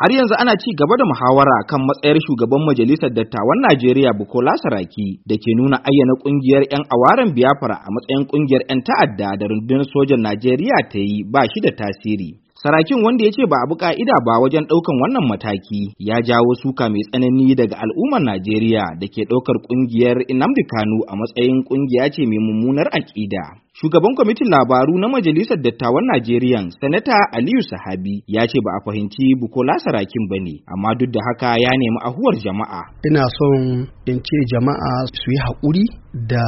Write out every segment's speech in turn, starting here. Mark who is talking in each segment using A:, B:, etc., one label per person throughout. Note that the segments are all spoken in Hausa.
A: har yanzu ana ci gaba da muhawara kan matsayar shugaban majalisar dattawan Najeriya Bukola Saraki da ke nuna ayyana kungiyar 'yan awaren biyafara a matsayin kungiyar 'yan ta'adda da rundunar sojan Najeriya ta yi ba shi da tasiri. Sarakin wanda ya ce ba abu ka'ida ba wajen ɗaukan wannan mataki ya jawo suka mai tsanani daga al'ummar Najeriya da ke ɗaukar kungiyar Inamdi Kano a matsayin kungiya ce mai mummunar aƙida. Shugaban kwamitin labaru na Majalisar Dattawan Najeriya, Sanata Aliyu Sahabi, ya ce ba a fahimci Bukola Sarakin ba ne, amma duk da haka ya nemi ahuwar jama'a.
B: Ina son in ce jama'a su yi haƙuri da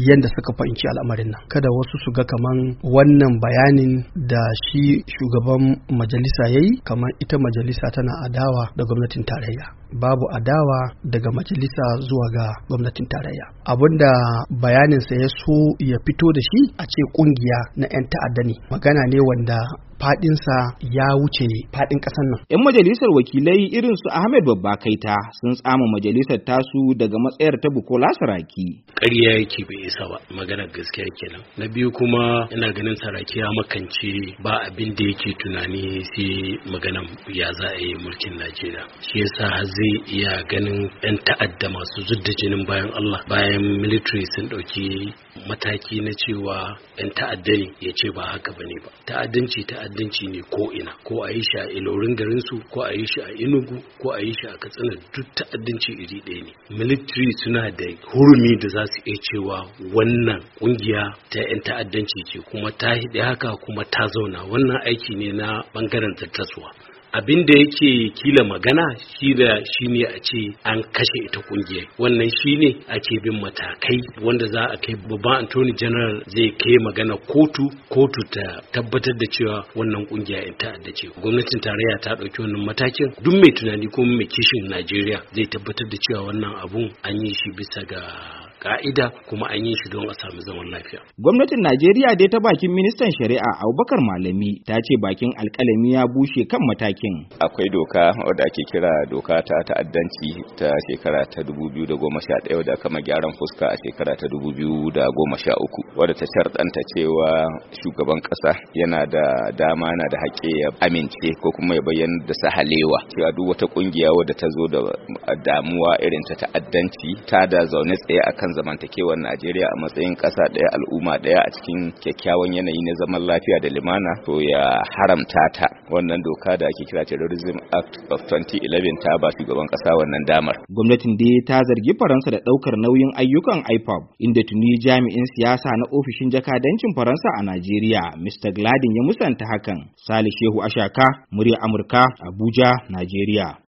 B: yadda suka fahimci al'amarin nan. Kada wasu su ga kaman wannan bayanin da shi shugaban majalisa ya yi, kamar ita majalisa tana adawa da gwamnatin tarayya. babu adawa daga majalisa zuwa ga gwamnatin tarayya abinda bayaninsa ya so ya fito da shi a ce kungiya na 'yan ta'adda ne magana ne wanda fadinsa ya wuce fadin ƙasar nan.
A: 'Yan majalisar wakilai irin su Ahmed Babba Kaita sun tsama majalisar tasu daga matsayar ta Bukola Saraki.
C: Ƙarya yake bai isa ba, maganar gaskiya kenan.
A: Na biyu kuma
C: ina ganin Saraki ya makance ba abin da yake tunani sai maganar ya za a yi mulkin Najeriya. Shi yasa zai iya ganin 'yan ta'adda masu zudda jinin bayan Allah bayan military sun ɗauki mataki na cewa 'yan ta'adda ne ya ce ba haka bane ba. Ta'addanci ta'adda ta'addanci ne ko ina ko a yi shi a ilorin garin su ko a yi shi a inugu ko a yi shi a katsina duk ta'addanci iri ɗaya ne military suna da hurumi da za su iya cewa wannan kungiya ta 'yan ta'addanci ce kuma ta haka kuma ta zauna wannan aiki ne na bangaren tattasuwa abin da yake kila magana shi da shi ne a ce an kashe ita kungiyar wannan shi ne ake bin matakai wanda za a kai babban antoni general zai kai magana kotu kotu ta tabbatar da cewa wannan kungiya in ta'adda ce gwamnatin tarayya ta ɗauki wannan matakin duk mai tunani kuma mai kishin najeriya zai tabbatar da cewa wannan abun an yi shi bisa ga ka'ida kuma an yi shi don a sami zaman lafiya.
A: Gwamnatin Najeriya dai ta bakin ministan shari'a Abubakar Malami ta ce bakin alkalami ya bushe kan matakin.
D: Akwai doka wadda ake kira doka ta ta'addanci ta shekara ta 2011 wadda kama gyaran fuska a shekara ta 2013 wadda ta sharɗanta cewa shugaban ƙasa yana da dama na da haƙƙi ya amince ko kuma ya bayyana da sahalewa cewa duk wata ƙungiya wadda ta zo da damuwa irin ta ta'addanci ta da zaune tsaye akan zamantakewar Najeriya a matsayin ƙasa ɗaya al'umma ɗaya a cikin kyakkyawan yanayi na zaman lafiya da limana to ya haramta ta wannan doka da ake kira Terrorism Act of 2011 ta ba shugaban ƙasa wannan damar.
A: Gwamnatin dai ta zargi Faransa da ɗaukar nauyin ayyukan IPOB inda tuni jami'in siyasa na ofishin jakadancin Faransa a Najeriya Mr. Gladin ya musanta hakan. Salih Shehu Ashaka, murya Amurka, Abuja, Najeriya.